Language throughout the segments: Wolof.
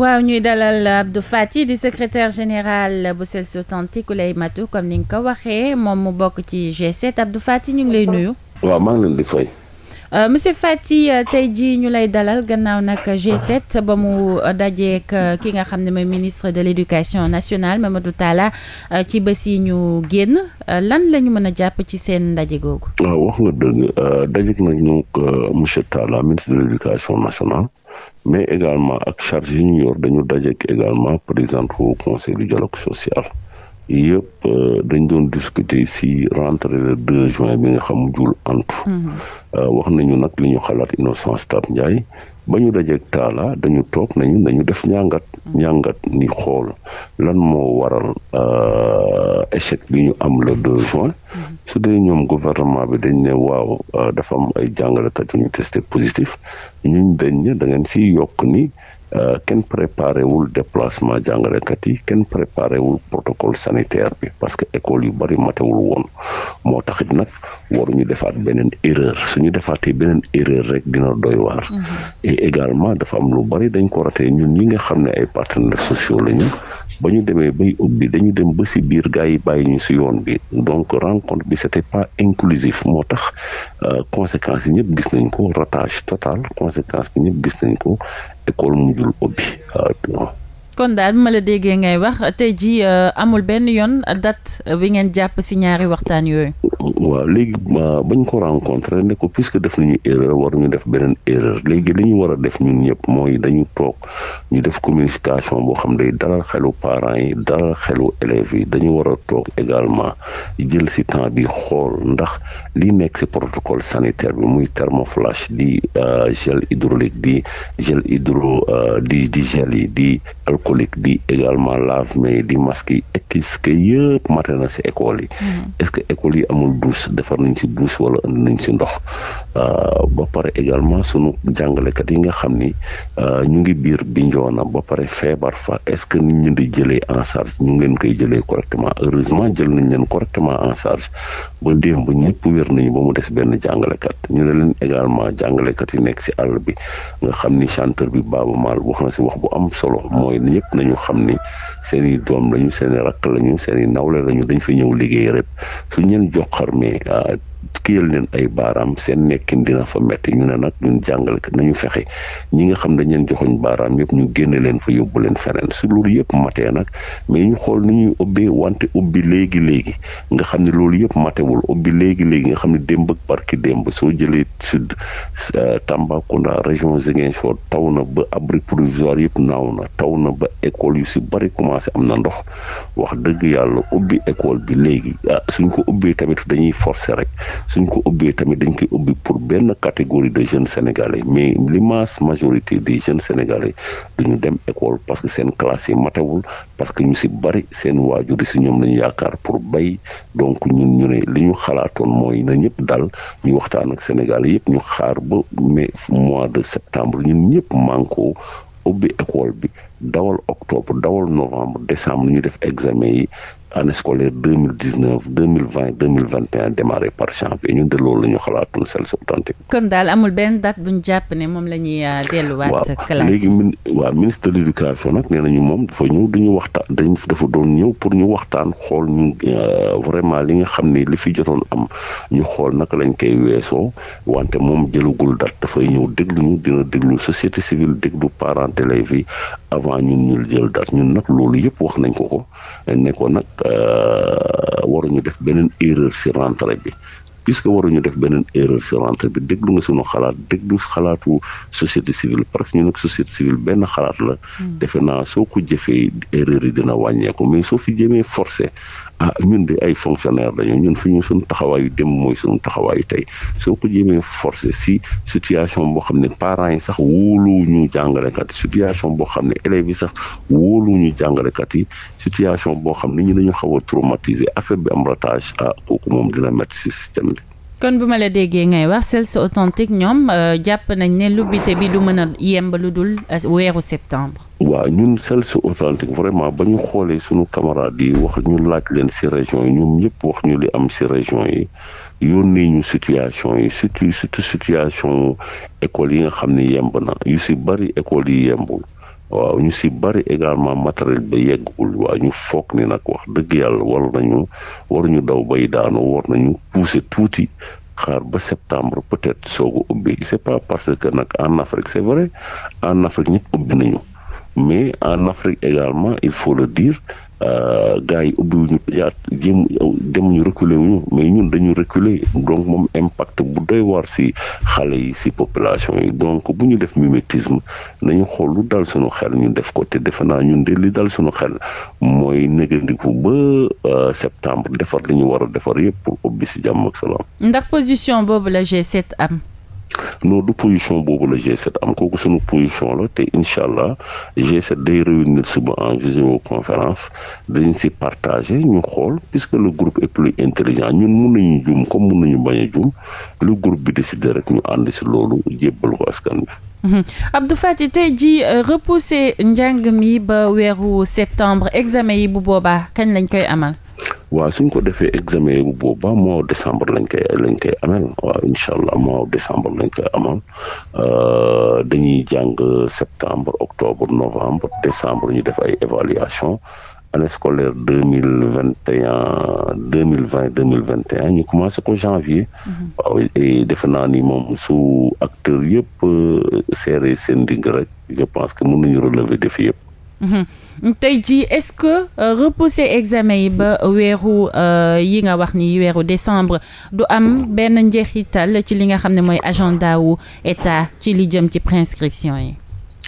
waaw ñuy dalal Abdou Faty di secrétaire général bu Sels Authentique lay matu comme ni nga ko waxee moom mu bokk ci G7 Abdou Faty ñu ngi lay nuyu. waaw maa leen di fay. Euh, monsieur Faty euh, tey jii ñu lay dalal gannaaw nag G7 ba mu euh, dajeek ki nga xam ne mooy ministre de l' éducation nationale Mamadou Talla ci bés yi ñu génn lan la ñu mën a jàpp ci seen ndaje googu. waaw wax nga dëgg dajeek nañ ñu monsieur Talla ministre de l' éducation nationale mais également ak charge yi ñu dañu dajeek également présidente au conseil du dialogue social. yëpp euh, dañ doon discuter si rentrée le deux juin bi nga xam jul antu mhm. euh, wax nañu nag li ñu xalaat Innocence Ntap Ndiaye ba ñu dajeeg taala dañu toog nañu nañu def ñàngat ñàngat mhm. ni xool lan moo waral euh, échec bi ñu am le deux juin mhm. su dee ñoom gouvernement bi dañ ne waaw dafa am ay jàngalekat yu ñu testé positif ñuñ dañ ne da ngeen siy yokk ni Euh, kenn préparé wul déplacement jàngalekat yi kenn préparé wul protocole sanitaire bi parce que école yu bari matewul woon moo taxit nag waruñu defaat beneen erreur suñu defaatee beneen erreur rek dina doy waar. Mhm. et dafa am lu bari dañ ko ratee ñun ñi nga xam ne ay partenaires sociaux lañu ba ñu demee bay ubbi dañu dem ba si biir gars yi bàyyi ñu si yoon bi donc rencontre bi c'était pas inclusif moo tax euh, conséquences yi ñëpp gis nañ ko ratage total conséquences bi ñëpp gis nañ ko école mujjul ubbi waaw kon daal bu ma la déggee ngay wax tey jii euh, amul benn yoon dat bi ngeen jàpp si ñaari waxtaan yooyu. waaw léegi bañ ko rencontré ne ko puisque def nañu erreur war ñu def beneen erreur léegi li ñu war a def ñun ñëpp mooy dañu toog ñu def communication boo xam ne dara xelu parents yi dara xelu élèves yi dañu war a toog également jël si temps bi xool ndax li nekk si protocole sanitaire bi muy thermoflash di euh, gel hydraulique di gel hydro euh, di di gel yi di. colique di également lave-mains di masques yi etiske yëpp mate na si école yi mm-hmm. est-ce que école yi amul douche defar nañ si douche wala indi nañ si ndox euh, ba pare également sunu jàngalekat yi nga xam ni euh, ñu ngi biir bi Bignona ba pare feebar fa est-ce que niñ leen di jëlee en charge ñu ngeen koy jëlee correctement heureusement jël nañ leen correctement en charge ba démb ñëpp wér nañu ba mu des benn jàngalekat ñu ne leen également jàngalekat yi nekk si àll bi nga xam ni chanteur bi Baaba ñëpp nañu xam ni seen i doom lañu seen i rakk lañu seen i nawle lañu dañ fa ñëw liggéey rek su ñeen jox a mais kiyal leen ay baaraam seen nekkin dina fa metti ñu ne nag ñun jàngalekat nañu fexe ñi nga xam dañ leen joxoñ baaraam yëpp ñu génne leen fa yóbbu leen feneen su loolu yëpp matee nag mais ñu xool ni ñuy ubbee wante ubbi léegi léegi nga xam ne loolu yëpp matewul ubbi léegi léegi nga xam ne démb ak barki démb soo jëlee sud euh, Tambacounda région Ziguinchor taw na ba abri provisoire yëpp naaw na taw na ba école yu si bari commencé am na ndox wax dëgg yàlla ubbi école bi léegi ah, suñ ko ubbee tamit dañuy forcer rek suñ ko ubbee tamit dañ koy ubbi pour benn catégorie de jeunes sénégalais mais l'immense majorité des jeunes sénégalais duñu dem école parce que seen classe yi matewul parce que ñu si bari seen waajur yi si ñoom lañu yaakaar pour bay donc ñun ñu ne li ñu xalaatoon mooy na ñëpp dal ñu waxtaan ak sénégalais yëpp ñu xaar ba mai mois de septembre ñun ñëpp manko ubbi école bi dawal octobre dawal novembre décembre ñu def examen yi année scolaire deux mille dix neuf deux mille vingt deux mille vingt et un démarré par janvier de loolu la ñu xalaatoon Sels Authentique. kon daal amul benn date bu ñu jàpp ne moom la ñuy euh, delluwaat. classe léegi min waaw ministre de l' éducation nag nee dafa doon ñëw pour ñu waxtaan xool ñu euh, vraiment li nga xam ne li fi jotoon am ñu xool naka lañ koy weesoo wante moom jëlagul date dafay ñëw déglu ñu dina déglu société civile déglu parents d'élèves yi avant ñun ñu jël ñun nag loolu yëpp wax nañ ko ko ne nag. Euh, waruñu def beneen erreur si rentrée bi puisque waruñu def beneen erreur si rentrée bi déglu nga suñu xalaat déglu xalaatu société civile parce que ñun ak société civile benn xalaat la. Hmm. defe naa soo ko jëfee erreur yi dina wàññeeku mais soo fi jëmee forcé ah ñun de ay fonctionnaire lañu ñun fi ñu suñu taxawaayu dem mooy suñu taxawaayu tey soo ko jëmee force si situation boo xam ne parents yi sax wóoluwuñu jàngalekat yi situation boo xam ne élèves yi sax wóoluwuñu jàngalekat yi situation boo xam ne ñu dañu xaw a traumatiser affaire bi am ratage ah kooku moom kon bu ma la déggee ngay wax Sels Authentique ñoom euh, jàpp nañ ne bite bi du mën a yemb lu dul euh, weeru septembre. waaw ñun Sels Authentique vraiment ba ñu xoolee suñu camarades yi wax ñu laaj leen ci région yi ñoom ñëpp wax ñu li am ci région yi yónnee ñu situation yi surtout surtout situation école yi nga xam ni yemb na yu si bari école yi yembul. waaw ñu si bari également matériel ba yeggul waaw ñu foog ni nag wax dëgg yàlla war nañu waruñu daw bay daanu war nañu pousser tuuti xaar ba septembre peut-être soogu ubbi c'est pas parce que nag en Afrique c'est vrai en Afrique ñëpp ubbi nañu mais en Afrique également il faut le dire euh, gars yi ubbiwuñu tëjaat jéem dem ñu reculer wuñu mais ñun dañu reculer donc moom impact bu doy war si xale yi si population yi donc bu ñu def mimétisme nañu xool lu dal suñu xel ñu def ko te defe naa ñun de li dal suñu xel mooy négandiku ba euh, septembre defar li ñu war a defar yëpp pour ubbi si jàmm ak salaam. ndax position boobu la g am. non du position boobu la G7 am kooku sunu position la te incha allah G7 day suba en visioconférence dañ si partagé ñu xool puisque le groupe est plus intelligent ñun mun nañu jum comme mun nañu bañ a jum lu groupe bi décidé rek ñu ànd si loolu jébbal ko askan bi Abdou Faty tey jii euh, repousser njàng mi ba weeru septembre examen yi bu boobaa kañ lañ koy amal. waaw suñ ko defee examen yi booba mois décembre lañ koy lañ koy amal waaw incha allah mois décembre lañ koy amal euh, dañuy jàng septembre octobre novembre décembre ñu def ay évaluation année scolaire deux mille vingt et un deux mille vingt deux mille vingt et ñu commencé ko janvier. Mhm. waaw defe naa ni moom su acteur yëpp euh, seere seen digg rek je pense que mën nañu relever défi yëpp. Mhm. tey ji est-ce que euh, repousser examen yi ba weeru euh, yi nga wax ni weeru décembre du am benn njeexital ci li nga xam ne mooy agenda wu état ci li jëm ci préinscription yi.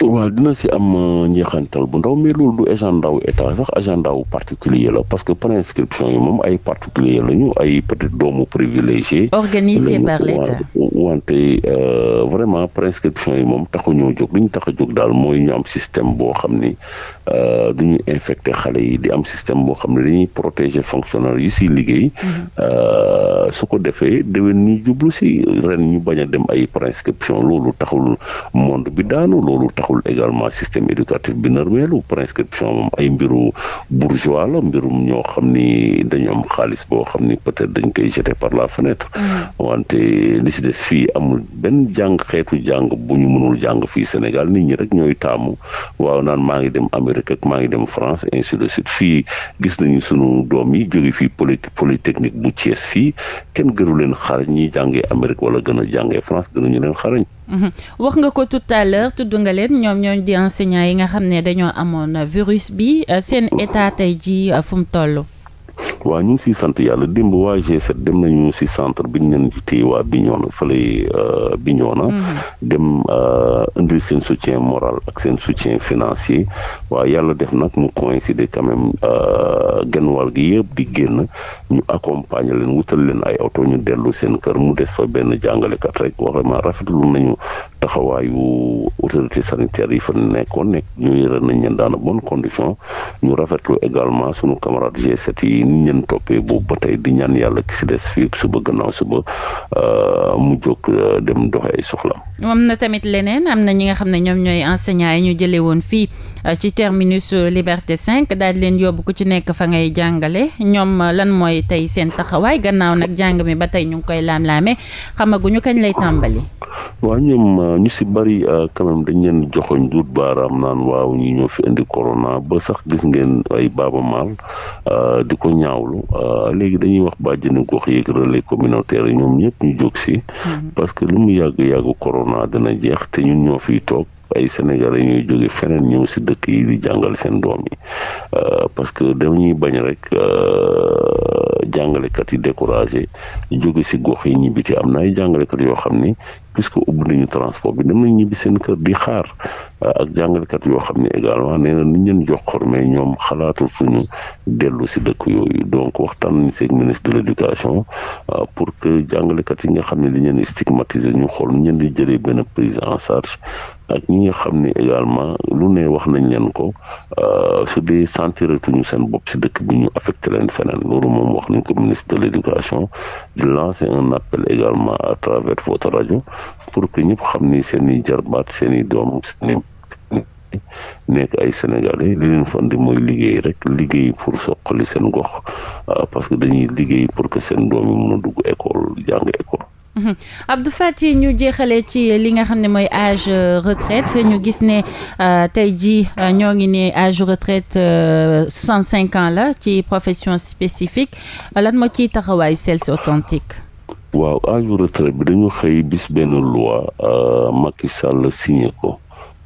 waaw dina si am euh, njeexantal bu ndaw mais loolu du agenda wu état sax agenda wu particulier la parce que préinscription yi moom ay particulier la ay peut doomu privilégié. organisé par l'État wante euh, vraiment prescription yi moom taxuñoo jóg li ñu tax a jóg daal mooy ñu am système boo xam ni euh, du ñu infecté xale yi di am système boo xam ne dañuy protéger fonctionnaire yi siy liggéey mm-hmm. euh, su ko defee déwén ñu jublu si ren ñu bañ a dem ay prescription loolu taxul monde bi daanu loolu taxul également système éducatif bi nërmeelu prescription moom ay mbiru bourgeois la mbirum ñoo xam ni dañu am xaalis boo xam ni peut-être dañ koy jeter par la fenêtre mm-hmm. wante li si des fii amul benn jàng xeetu jàng bu ñu mënul jàng fii Sénégal nit ñi rek ñooy taamu waaw naan maa ngi dem Amérique ak maa ngi dem France ainsi de suite fii gis nañu sunu doom yi jóge fii poly polytechnique bu Thiès fii kenn gënu leen xarañ ñi jàngee Amérique wala gën a jàngee France gënuñu leen xarañ. Mhm. wax nga ko tout à l'heure tudd nga leen ñoom ñooñu di enseignants yi nga xam ne dañoo amoon virus bi seen état tey ji fu mu waaw ñu ngi siy sant yàlla démb waa G7 dem nañu si centre bi ñu leen di téye waa bi fële euh, Bignona. Mhm. dem euh, indi seen soutien moral ak seen soutien financier waaw yàlla def nag mu coïncider quand même euh, genn wàll gi yëpp di génn ñu accompagner leen wutal leen ay oto ñu dellu seen kër mu des fa benn jàngalekat rek vraiment rafetlu nañu. taxawaayu autorité sanitaire yi fa nekkoon nekk ñu yëral condition ñu rafetlu également sunu camarade G7 yi ni ñu leen toppee boobu ba tey di ñaan yàlla ki si des fii suba gannaaw suba euh, mu jóg euh, dem doxe ay soxlam am na tamit leneen am na ñi nga xam ne ñoom ñooy enseignants yi ñu jëlee woon fii euh, ci terminus Liberté cinq daal di leen yóbbu ku ci nekk fa ngay jàngale ñoom lan mooy tey seen taxawaay gannaaw nag jàng mi ba tey ñu ngi koy laam-laame xamaguñu kañ lay tàmbali. waa ñoom euh, ñu si bëri euh, quand même dañ leen joxoñ duut baaraam naan waaw ñu ñoo fi indi corona ba sax gis ngeen ay baaba maal euh, di ko ñaawlu léegi dañuy wax baa bàjjenu gox yeeg relais communautaire ñoom ñëpp ñu jóg si mm-hmm. parce que lu mu yàgg yàgg corona dana jeex te ñun ñoo fiy toog ay sénégalais ñuy jóge feneen ñëw si dëkk yi di jàngale seen doom yi parce que dañuy bañ rek jàngalekat yi découragé jóge si gox yi ñibbi ci am na ay jàngalekat yoo xam ni que ubbi nañu transport bi dem nañ ñibbi seen kër di xaar ak jàngalekat yoo xam ne également nee na ni ñu leen jox xorme ñoom xalaatu suñu dellu si dëkk yooyu donc waxtaan nañ seeg ministre de éducation pour que jàngalekat yi nga xam ne li ñu leen stigmatiser ñu xool ñu leen di jëlee benn prise en charge ak ñi nga xam ne également lu ne wax nañ leen ko su dee sentiratuñu seen bopp si dëkk bi ñu affecté leen feneen loolu moom wax nañ ko ministre de l' éducation di lancer un appel à travers rajo. pour que ñëpp xam ni seen i jarbaat seen i doom nekk ay sénégalais li leen fandi mooy liggéey rek liggéey pour soqali seen gox ah, parce que dañuy liggéey pour que seen doom yi a dugg école jàng école. Mhm. Abdou Faty ñu jeexalee ci li nga xam ne mooy âge euh, retraite ñu gis ne euh, tey jii euh, ñoo ngi ne âge retraite soixante cinq ans la ci profession spécifique lan moo ciy taxawaayu Sels Authentique waaw âge retraite bi dañu xëy bis benn loi euh, Macky Sall signé ko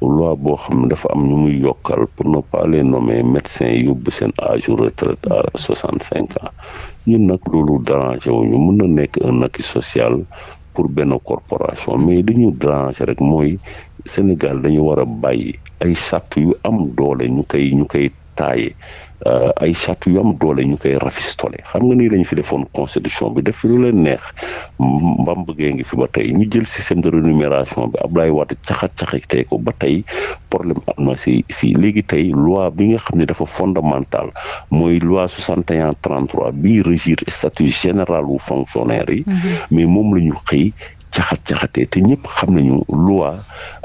loi boo xam ne dafa am ñu muy yokkal pour ne pas les nommer médecins yóbbu seen âge retraite à soixante cinq ans ñun nag loolu wu ñu mën na nekk un acquis social pour benn corporation mais li ñu dérangé rek mooy Sénégal dañu war a bàyyi ay sàtt yu am doole ñu koy ñu koy taaye Euh, ay charte yu am doole ñu koy rafistole xam nga nii lañu fi defoon constitution bi def lu leen neex mbam bëggee ngi fi ba tey ñu jël système de rémunération bi Abdoulaye Wade caxat caxatee ko ba tey problème am na si si léegi tey loi bi nga xam ne dafa fondamental mooy loi 61 33 bii régir statut général wu fonctionnaire yi mhm. mais moom la ñu xëy caxat caxatee te ñëpp xam nañu loi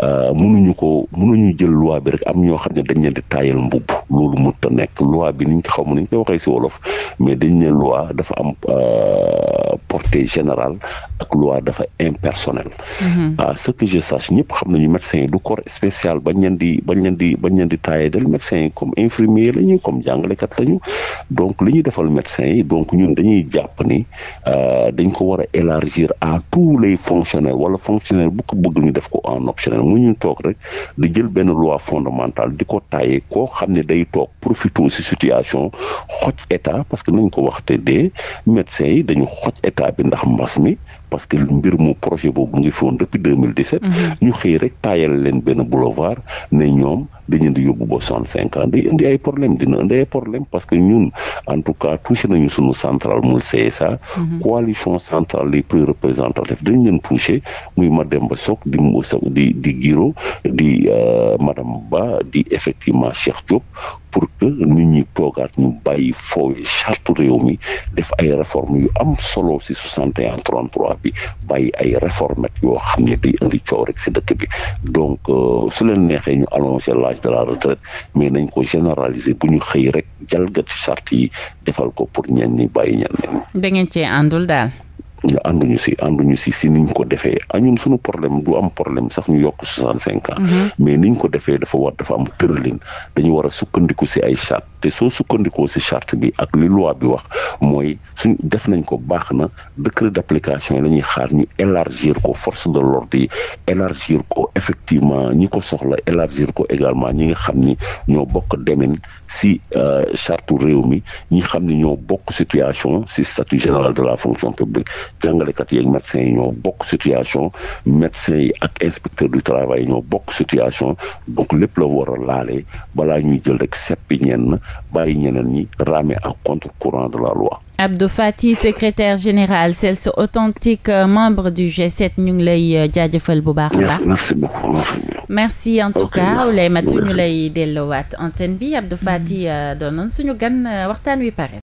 euh, mënuñu ko mënuñu jël loi bi rek am ñoo xam ne dañ leen di mbubb loolu mënta nekk loi bi niñ xaw ma ni ñu koy waxee si wolof mais dañ ne loi dafa am euh, portée générale ak loi dafa impersonnelle. à mhm. ah, ce que je sache ñëpp xam nañu médecin yi du corps spécial bañ leen di bañ leen di bañ leen di taayee del médecin yi comme infirmier la ñu comme jàngalekat la ñu donc li defal médecin yi donc ñun dañuy jàpp ni euh, dañ ko war a élargir à tous les fonctionnaires wala fonctionnaire bu bëgg ñu def ko en optionnel mu ñu toog rek di jël benn loi fondamentale di ko taayee koo xam ne day toog profité si situation xoj état parce que nañ ko wax te dee médecins yi dañu xoj état bi ndax mbas mi parce que mbir mu projet boobu mu ngi foon depuis 2017. Mhm. ñu xëy rek taayal leen benn boulevard ne ñoom dañu di yóbbu ba soixante cinq ans day indi ay problème nañu suñu central mul CSA. Mhm. coalition centrale les plus représentatifs dañ leen touché muy Mademba Sock di Moussa di di di euh, madame Ba di effectivement Cheikh Diop. pour que nit ñi toogaat ñu bàyyi fooy charte réew mi def ay réformes yu am solo ci soixante et un trois bi bàyyi ay réformes yoo xam ne day indi coow rek si dëkk bi donc euh, su leen neexee ñu allongé l'âge de la retraite mais nañ ko généraliser bu ñu xëy rek jalgati charte yi defal ko pour ñenn ñi bàyyi ñenn ñi. da ngeen cee àndul daal. ñu ànduñu si ànduñu si si niñ ko defee añun ah, suñu problème du am problème sax ñu yokk soixante cinq ans. Mhm. mais niñ ko defee dafa war dafa am tëralin dañu war sukkandiku si ay charte. te soo sukkandikoo si charte bi ak li bi wax mooy su def nañ ko baax na décret d'application yi la ñuy xaar ñu élargir ko force de l'ordre élargir ko effectivement ñi ko soxla élargir ko également ñi nga xam ni ñoo bokk demin ci euh, charte réew mi ñi xam ni ñoo bokk situation si statut général de la fonction publique jàngalekat yi ak médecins yi ñoo bokk situation médecins yi ak inspecteur du travail ñoo bokk situation donc lépp la war a laalee balaa ñuy jël rek seppi ñenn bàyyi ñeneen ñi à contre-courant de la loi. Abdou Faty secrétaire général Celsi authentique euh, membre du G7 ñu ngi lay euh, jaajëfal bu baax a baax. merci beaucoup merci en tout cas Ouleye Matu ñu lay delloowaat antenne bi Abdou Faty euh, doonoon suñu gan waxtaan wi pare.